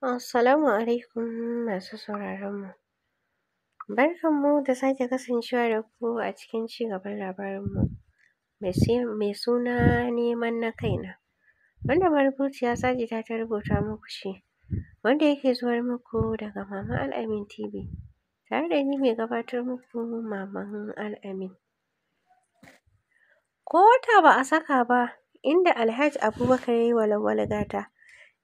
Assalamu alaikum masu sauraron mu. Barkan mu da sake kasancewa da ku a cikin ci gaban labarin mu mai suna neman na kaina. Wanda marubuciya Sajida ta rubuta muku shi, wanda yake zuwar muku daga Maman Al'amin TV, tare da ni mai gabatar muku Maman Al'amin. Ko wata ba a saka ba, inda Alhaji Abubakar ya yi wa gata,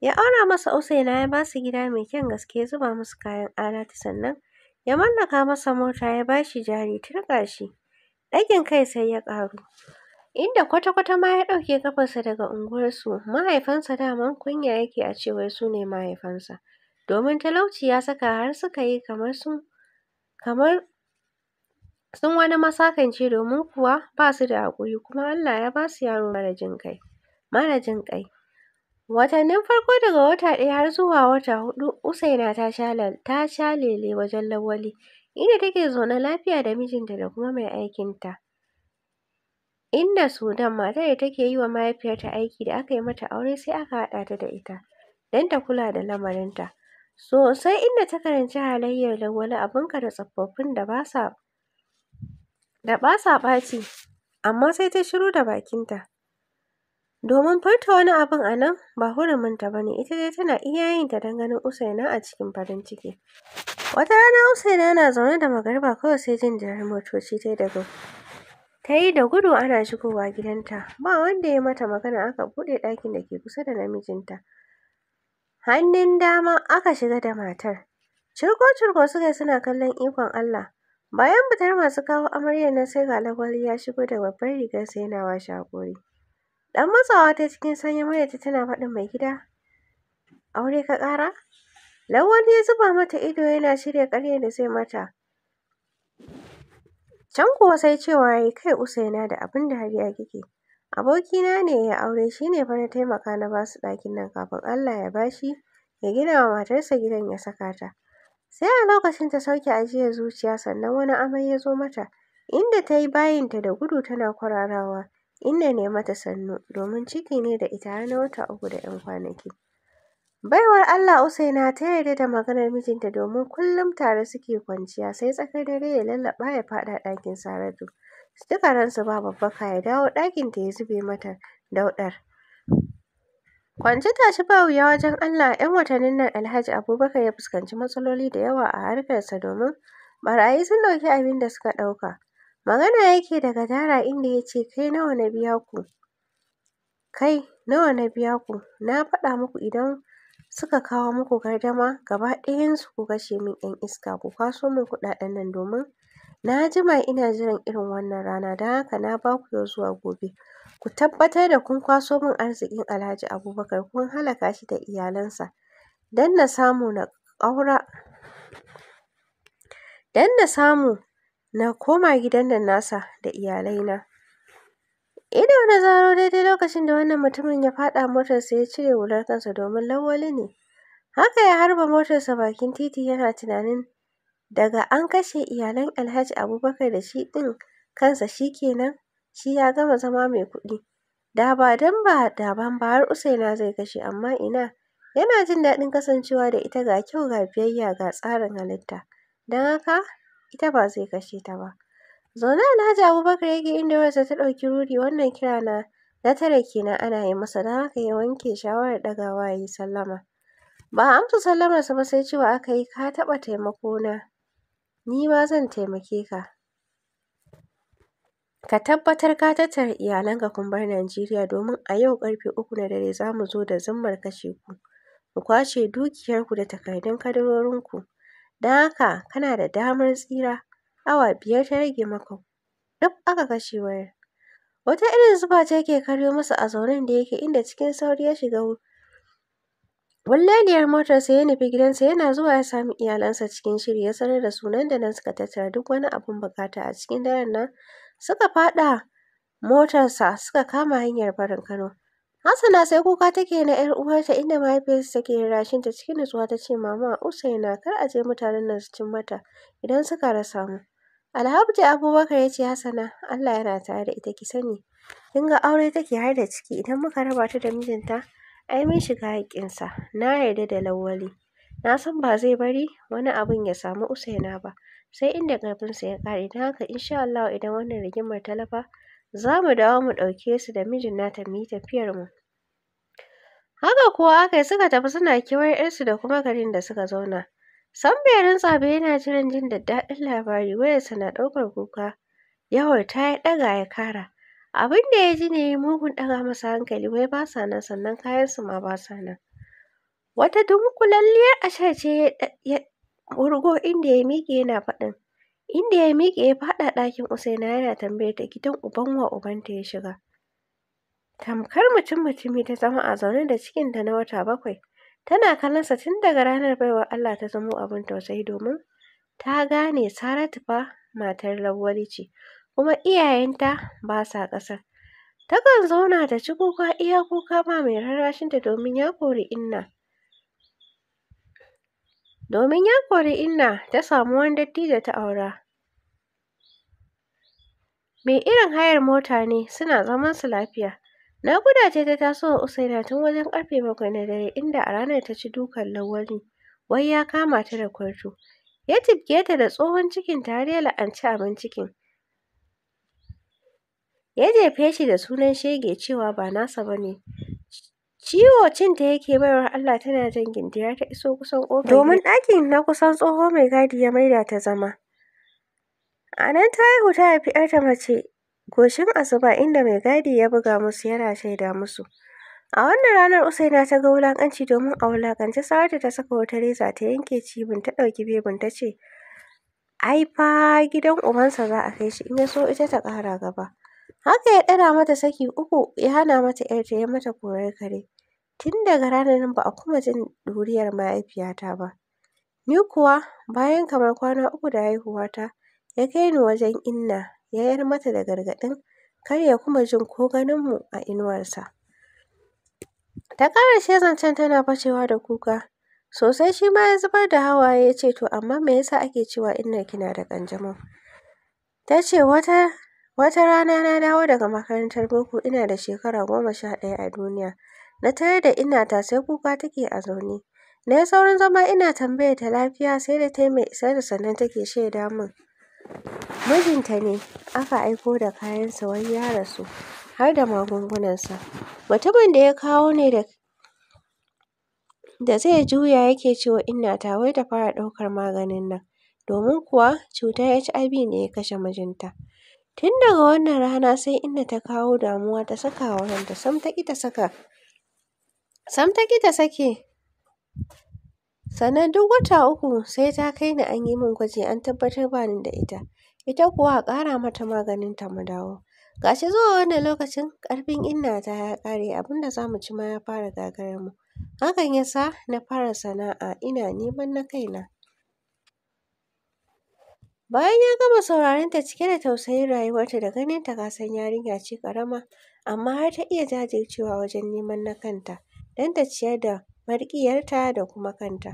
Ya aura masa Usaina ya ba su gida mai kyan gaske zuba musu kayan alati sannan ya mallaka masa mota ya ba shi jari turƙa shi. Ɗagin kai sai ya ƙaru. Inda kwata-kwata ma ya ɗauke kafarsa daga unguwarsu mahaifansa daman kunya yake a cewar su ne mahaifansa. Domin talauci ya saka har suka yi kamar sun kamar sun wani masakance domin kuwa ba su da haƙuri kuma Allah ya ba su yaro mara jin ƙai mara jin ƙai. Watannin farko daga wata ɗaya har zuwa wata huɗu Usaina ta sha lele wajen Lawali, inda take zaune lafiya da mijinta da kuma mai aikinta. Inda Sudan, matar da take yi wa mahaifiyarta aiki da aka yi mata aure sai aka haɗa ta da ita, don ta kula da lamarinta. Sosai inda ta karanci halayyar lawali abin kada tsofaffin da ba sa ɓaci, amma sai ta shiru da bakinta. Domin furta wani abin a nan ba huruminta ba ne, ita dai tana iya yin ta ganin Usaina a cikin farin ciki. Wata rana Usaina yana zaune da magariba kawai sai jin jirar motoci ta daga ta yi da gudu ana shigowa gidanta. Ba wanda ya mata magana aka buɗe ɗakin da ke kusa da namijinta. Hannun dama aka shiga da matar. Cirko-cirko suka suna kallon ikon Allah. Bayan fitar masu kawo amaryar na, sai ga lagwali ya shigo da babbar rigarsa yana washe haƙori. Dan matsawa ta cikin sanyin muryarta tana faɗin mai gida. Aure ka ƙara? Lawan ya zuba mata ido yana shirya ƙaryar da zai mata. Can kuwa sai cewa yayi kai Usaina da abin da ya kike. Abokina ne ya aure shi ne fa na taimaka na basu su ɗakin nan kafin Allah ya bashi ya gina wa matarsa gidan ya saka ta. Sai a lokacin ta sauke ajiyar zuciya sannan wani amai ya zo mata inda ta yi bayinta da gudu tana kwararawa. inda ne mata sannu domin ciki ne da ita har na wata uku da 'yan kwanaki. Baiwar Allah Usaina ta yarda da maganar mijinta domin kullum tare suke kwanciya sai tsakar dare ya lallaɓa ya faɗa ɗakin Saratu. Su duka ransu ba babbaka ya dawo ɗakin ta ya zube mata daudar. Kwanci tashi ba wuya wajen Allah 'yan watannin nan Alhaji Abubakar ya fuskanci matsaloli da yawa a harkarsa domin barayi sun ɗauki abin da suka ɗauka. Magana yake da dara inda ya ce, Kai nawa na biya ku? Kai nawa na biya ku? Na faɗa muku idan suka kawo muku gardama gaba su ku kashe min 'yan iska ku kwaso min kuɗaɗen nan domin na jima ina jiran irin wannan rana don haka na baku yau zuwa gobe. Ku tabbatar da kun kwaso min arzikin Alhaji Abubakar kun halaka shi da iyalansa don na samu na ƙaura don na samu na koma gidan nan nasa da iyalaina. Ina na zaro daidai lokacin da wannan mutumin ya faɗa motarsa ya cire hular kansa domin Lawali ne. Haka ya harba motarsa bakin titi yana tunanin daga an kashe iyalan Alhaji Abubakar da shi ɗin kansa shi kenan shi ya gama zama mai kuɗi. Da ba don ba da ban ba har Usaina zai kashe amma ina yana jin daɗin kasancewa da ita ga kyau ga biyayya ga tsarin halitta. Don haka ita ba zai kashe ta ba. Zaune Alhaji Abubakar yake inda wayarsa ta ɗauki ruri wannan kira na na tare kenan ana yi masa don haka ya wanke shawarar ɗagawa ya yi sallama. Ba a amsa sallamarsa ba sai cewa aka yi ka taɓa taimako na ni ma zan taimake ka. Ka tabbatar ka tattara iyalanka kun bar Najeriya domin a yau ƙarfe uku na dare za mu zo da zimmar kashe ku. Mu kwashe dukiyarku da takardun kadarorinku. Don haka kana da damar tsira. Awa biyar ta rage maka, Duk aka kashe wayar. Wata irin zuba ce ke karyo masa a zaunen da yake inda cikin sauri ya shiga wuri. wallaliyar motarsa ya nufi gidansa yana zuwa ya sami iyalansa cikin shiri ya sanar da su nan da nan suka tattara duk wani abun bukata a cikin daren nan suka faɗa motarsa suka kama hanyar barin Kano. Hassana sai kuka take na ‘yar uwarta inda mahaifiyarsa take rashin ta cikin nutsuwa ta ce mama Usaina kar a je mutanen nan su cin mata idan suka rasa mu. Alhaji Abubakar ya ce Hassana Allah yana tare da ita ki sani kin ga aure take har da ciki idan muka raba ta da mijinta ai mun shiga haƙƙinsa na yarda da Lawwali. Na san ba zai bari wani abun ya samu Usaina ba sai inda ƙarfinsa ya ƙare don haka insha Allah idan wannan rigimar ta lafa za mu dawo mu ɗauke su da mijin nata mu yi tafiyarmu. Haka kuwa aka yi suka tafi suna kewar ‘yarsu da kuma garin da suka zauna. Sam bai yana jiran jin daddaɗin labari wayarsa na ɗaukar kuka. Yawar ta ya ɗaga ya kara. Abin da ya ji ne mugun ɗaga masa hankali wai ba sa nan sannan kayansu ma ba sa nan. Wata dunkulalliyar asha ce ya wurgo inda ya miƙe yana faɗin inda ya miƙe ya faɗa ɗakin Usaina yana tambayar ta gidan uban wa ubanta ya shiga. Tamkar mutum mutumi ta zama a zaune da cikin cikinta na wata bakwai, tana kallonsa tun daga ranar baiwa Allah ta zamo abin tausayi domin ta gane Saratu fa matar Lawwali ce, kuma iyayenta ba sa ƙasar. Takan zauna ta ci kuka iya kuka ba mai rarrashinta domin ya kori inna. domin ya kori Inna ta samu wani dattijo ta aura. Me irin hayar mota ne suna zaman su lafiya. Na ce ta taso wa Usaina tun wajen ƙarfe bakwai na dare inda a ranar ta ci dukan Lawali wai ya kama ta da kwarto. Ya jibge ta da tsohon cikin tare ya la'anci abin cikin. Ya jefe shi da sunan shege cewa ba nasa ba ne. Ciwo cin da yake baiwa Allah tana jan Gindiya ta iso kusan ƙofar domin ɗakin na kusan tsoho mai gadi ya maida ta zama. A nan ta haihu ta haifi ‘yarta mace goshin asuba inda mai gadi ya buga musu yana shaida musu. A wannan ranar Usaina ta ga wulaƙanci domin a wulaƙance Saratu ta saka wata reza ta yanke cibin ta ɗauki bebin ta ce, Ai fa gidan ubansa za a kai shi in ya so ita ta ƙara gaba. Haka ya ɗana mata saki uku ya hana mata ‘yarta ya mata koyar kare. Tun daga ranar nan ba a kuma jin ɗuriyar mahaifiyata ba, ni kuwa bayan kamar kwana uku da haihuwata ya kai ni wajen Inna ya yar mata da gargaɗin kar ya kuma jin ko ganin mu a inuwarsa. Ta ƙara ƙarashe zancen tana fashewa da kuka, sosai shi ma ya zubar da hawaye ya ce to amma me yasa ake cewa ki na da ƙanjamau? Ta ce wata rana na dawo daga makarantar boko ina da shekara goma sha ɗaya a duniya. Na tarar da ta sai kuka take a zaune. Na yi saurin zama ina tambaya ta lafiya sai da ta yi mai isar da sannan take shaida min. Mijinta ne aka aiko da kayansa wai ya rasu har da magungunansa. Mutumin da ya kawo ne da zai juya yake ce wa wai ta fara ɗaukar maganin nan domin kuwa cutar HIV ne ya kashe mijinta. Tun daga wannan rana sai inna ta kawo damuwa ta saka wa ranta sam ta ƙi ta saka sam ta ƙi ta sake sannan duk wata uku sai ta kai ni an yi min gwaji an tabbatar ba ni da ita ita kuwa a ƙara mata maganin ta mu dawo ga shi zuwa wannan lokacin ƙarfin inna ta ya ƙare abin da za mu ci ma ya fara gagarar mu hakan ya sa na fara sana'a ina neman na kaina bayan ya gama sauraron ta cike da tausayin rayuwarta da ganin ta ka san yarinya ce ƙarama amma har ta iya jajircewa wajen neman na kanta don ta ciyar da marƙiyarta da kuma kanta.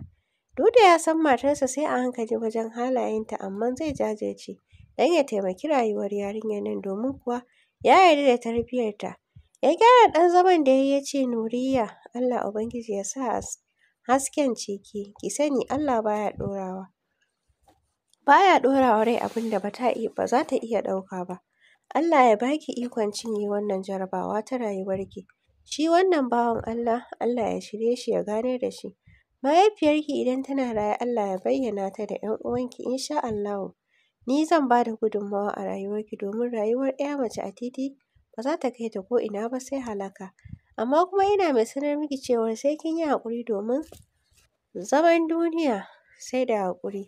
Duk ya san matarsa sai a hankali wajen halayenta amma zai jajirce don ya taimaki rayuwar yarinyar nan domin kuwa ya yarda da tarbiyyarta. Ya gyara ɗan zaman da ya yi ya ce, Nuriya, Allah Ubangiji ya sa hasken ciki. ki sani Allah ba ya ɗorawa. Ba ya ɗorawa rai abin da ba za ta iya ɗauka ba. Allah ya baki ikon cinye wannan jarabawa ta rayuwarki. Shi wannan bawan Allah, Allah ya shirye shi ya ganar da shi. Mahaifiyarki idan tana raye Allah ya bayyana ta da ƴan uwanki in sha Allahu. Ni zan ba da gudunmawa a rayuwarki domin rayuwar ɗaya mace a titi ba za ta kai ta ko'ina ba sai halaka. Amma kuma ina mai sanar miki cewa sai kin yi haƙuri domin zaman duniya sai da haƙuri.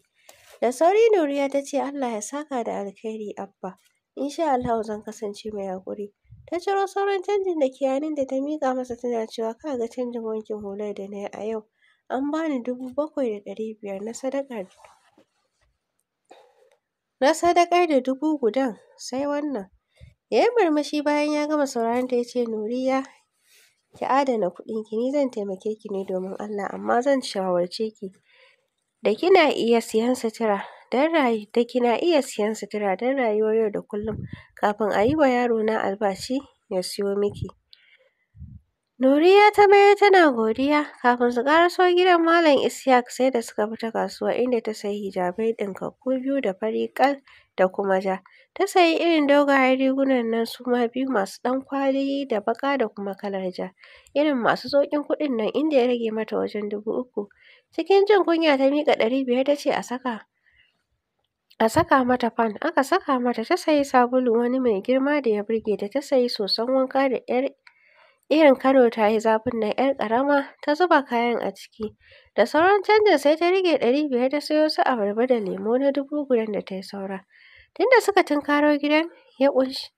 Da sauri Nuriya ta ce Allah ya saka da alkhairi Abba. In sha Allahu zan kasance mai haƙuri. Ta ciro sauran canjin da ke da ta mika masa tana cewa ka ga canjin wankin hular da na yi a yau. An bani dubu bakwai da ɗari biyar na sadakar na sadakar da dubu gudan sai wannan. Ya yi murmushi bayan ya gama sauraron ta ya ce Nuriya ki adana kuɗinki ni zan taimake ki ne domin Allah amma zan shawarce ki da kina iya siyan sutura don rayu da kina iya siyan sutura don rayuwar yau da kullum kafin a yi wa yaro na albashi ya siyo miki. Nuriya ta mayar tana godiya kafin su ƙaraso gidan Malam Isiyak sai da suka fita kasuwa inda ta sayi hijabai ɗinkakku biyu da fari ƙal da kuma ja. Ta sayi irin dogayen rigunan nan su ma biyu masu ɗan kwali da baƙa da kuma kalar ja, irin masu sauƙin kuɗin nan inda ya rage mata wajen dubu uku. Cikin jin kunya ta miƙa ɗari biyar ta ce a saka. A saka mata fan, aka saka mata ta sayi sabulu wani mai girma da ya burge ta, ta sayi soson wanka da ‘yar irin Kano ta yi zafin nan ‘yar ƙarama, ta zuba kayan a ciki. Da sauran canjin sai ta rage ɗari biyar ta sayo su abarba da lemo na dubu guda da ta yi saura. Tunda suka tunkaro gidan, ya ƙunshi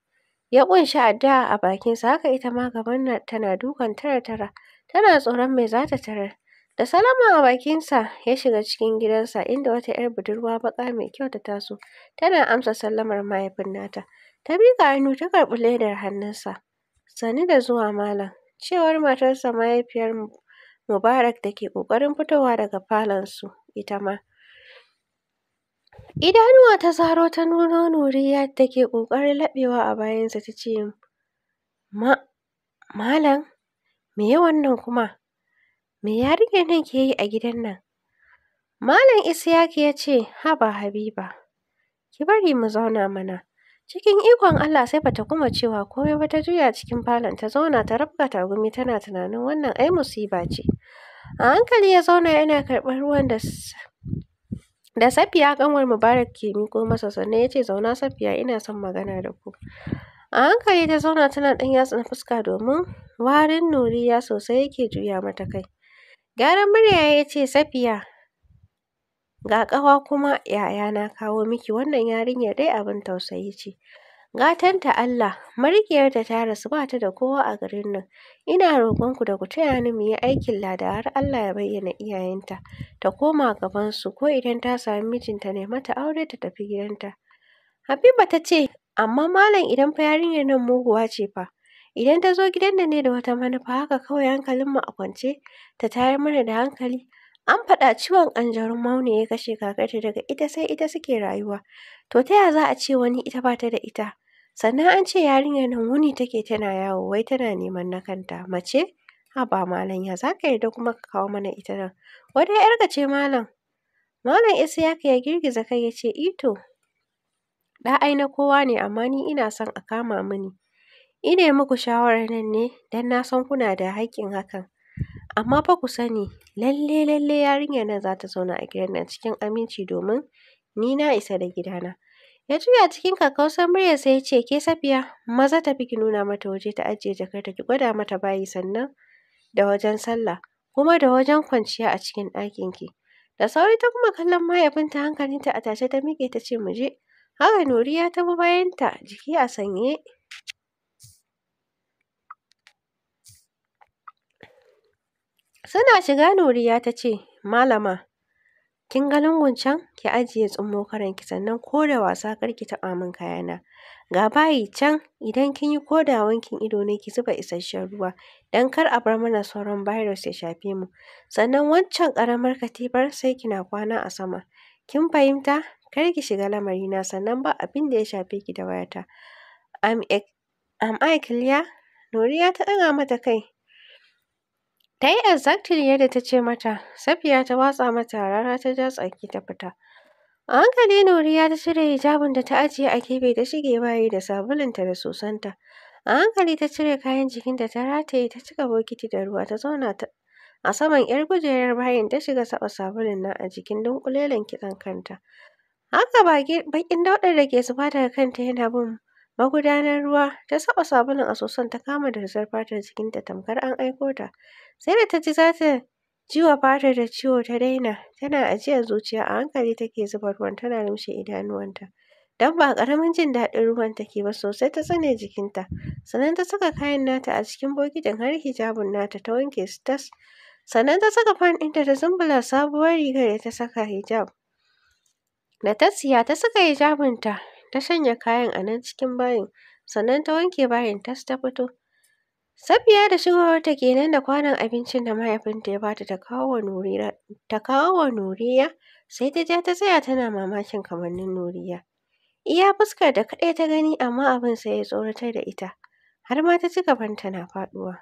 ya ƙunshi addu'a a bakinsa, haka ita ma gaban tana dukan tara-tara, tana tsoron me za ta tarar. Da salama a bakinsa, ya shiga cikin gidansa, inda wata 'yar budurwa baƙa mai kyau ta taso, tana amsa sallamar mahaifin nata. Ta miƙa hannu ta karɓi ledar hannunsa. Sani da zuwa malam, cewar matarsa mahaifiyar Mubarak da ke ƙoƙarin fitowa daga falonsu ita ma. Idanuwa ta zaro ta nuno Nuriya da ke ƙoƙarin laɓewa a bayansa ta ce, Ma, malam, me ye wannan kuma? me yarinyar nan ke yi a gidan nan? Malam Isyaku ya ce, haba Habiba, ki bari mu zauna mana. Cikin ikon Allah sai bata kuma cewa komai ba ta juya cikin falon ta zauna ta rabka tagumi tana tunanin wannan ai musiba ce. A hankali ya zauna yana karɓar ruwan da da Safiya kanwar Mubarak ke miko masa sannan ya ce zauna Safiya ina son magana da ku. A hankali ta zauna tana ɗan yatsa fuska domin warin nuriya sosai yake juya mata kai. Gyaran murya ya ce, Safiya, ga ƙawa kuma yaya na kawo miki wannan yarinyar dai abin tausayi ce. Gatanta Allah, Marikiyarta ta rasu ba ta da kowa a garin nan. Ina roƙonku da ku taya ni mu yi aikin lada har Allah ya bayyana iyayenta, ta koma gabansu ko idan ta sami mijinta ne mata aure ta tafi gidanta. Habiba ta ce, amma malam idan fa yarinyar nan muguwa ce fa, Idan ta zo gidan da ne da wata manufa haka kawai hankalin mu a kwance ta tayar mana da hankali. An faɗa ciwon ƙanjarin mauni ya kashe kakarta daga ita sai ita suke rayuwa. To ta ya za a ce wani ita ba ta da ita? Sannan an ce yarinyar nan wuni take tana yawo wai tana neman na kanta mace? Haba malam ya za ka yarda kuma ka kawo mana ita nan? Wadda 'yarka ce malam? Malam Isiyaka ya girgiza kai ya ce ito. Ɗa aina kowa ne amma ni ina son a kama mini. Ina yi muku shawarar nan ne don na san kuna da haƙƙin hakan. Amma fa ku sani, lalle lalle yarinyar nan za ta zauna a gidan nan cikin aminci domin ni na isa da gidana. Ya juya cikin kakkausar muryarsa ya ce, Ke Safiya, maza ta fi ki nuna mata waje ta ajiye jakarta ki gwada mata bayi sannan da wajen sallah, kuma da wajen kwanciya a cikin ɗakinki. Da sauri ta kuma kallon mahaifinta hankalinta a tashe ta miƙe ta ce, Mu je. Haka Nuriya ta bi bayanta jiki a sanye. Suna shiga Nuriya ta ce, Malama, kin ga lungun can ki ajiye tsummo karanki sannan ko da wasa kar ki taɓa min kayana. Ga bayi can idan kin yi ko da wankin ido ne ki zuba isasshen ruwa don kar a bar mana sauran virus ya shafe mu. Sannan wancan ƙaramar katifar sai kina kwana a sama. Kin fahimta? Kar ki shiga lamarina sannan ba abin da ya shafe ki da wayata. Am eh, I clear? Nuriya ta ɗaga mata kai Ta yi exactly yadda ta ce mata, Safiya ta watsa mata rara ta ja tsaki ta fita. A hankali Nuriya ta cire hijabin da ta ajiye a gefe ta shige bayi da sabulunta da sosanta. A hankali ta cire kayan jikin da ta rataye ta cika bokiti da ruwa ta zauna ta a saman 'yar kujerar bayin ta shiga saba sabulun nan a jikin dunƙulelen kitson kanta. Haka baƙin dauɗar da ke zuba daga kanta yana bin magudanar ruwa ta saba sabulun a soson ta kama da durzar fatar jikinta tamkar an aiko ta sai da ta ji za ta ji wa fatar da ciwo ta daina tana ajiyar zuciya a hankali take zuba ruwan tana rumshe idanuwanta don ba karamin jin daɗin ruwan take ba sosai ta tsane jikinta sannan ta saka kayan nata a cikin bokitin har hijabun nata ta wanke su tas sannan ta saka fan ɗinta ta zumbula sabuwar rigar da ta saka hijab da ta siya ta saka hijabinta ta shanya kayan a nan cikin bayin, sannan ta wanke bayin tas ta fito. Safiya da shigowarta kenan da kwanon abincin da mahaifinta ya bata ta kawo wa Nuriya, sai ta ja ta tsaya tana mamakin kamannin Nuriya. Iya fuskar da kaɗai ta gani amma abin sai ya tsoratar da ita, har ma ta ji gabanta na faɗuwa.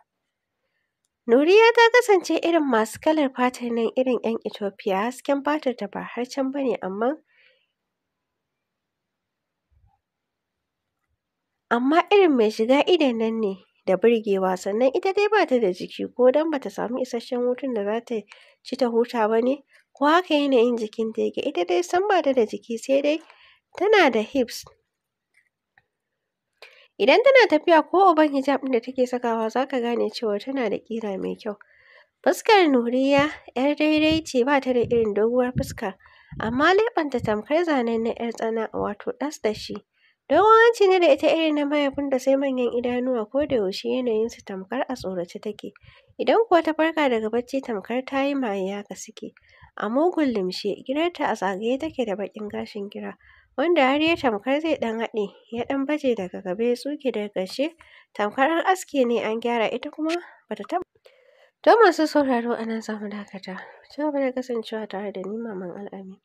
Nuriya ta kasance irin masu kalar fatar nan irin 'yan Ethiopia, hasken fatar ta ba har can bane amma amma irin mai shiga idon nan ne da burgewa sannan ita dai ba ta da jiki ko don ba ta samu isasshen hutun da za ta ci ta huta ba ne ko haka yanayin jikinta yake ita dai sam ba ta da jiki sai dai tana da hips idan tana tafiya ko uban hijab ɗin da take sakawa za ka gane cewa tana da ƙira mai kyau fuskar nuriya yar daidai ce ba ta da irin doguwar fuska amma leɓenta tamkar zanen na yar tsana wato ɗas da shi Dogon hanci ne da ita irin na mahaifin da sai manyan idanuwa ko da yaushe yanayin su tamkar a tsorace take. Idan kuwa ta farka daga bacci tamkar ta yi maye haka suke. A mugun limshe, girarta a zagaye take da bakin gashin gira, wanda har ya tamkar zai ɗan haɗe, ya ɗan baje daga gaba ya tsuke daga ƙarshe, tamkar an aske ne an gyara ita kuma bata taɓa. To masu sauraro a nan za mu dakata. cewa ci gaba da kasancewa tare da ni Maman Al'amin.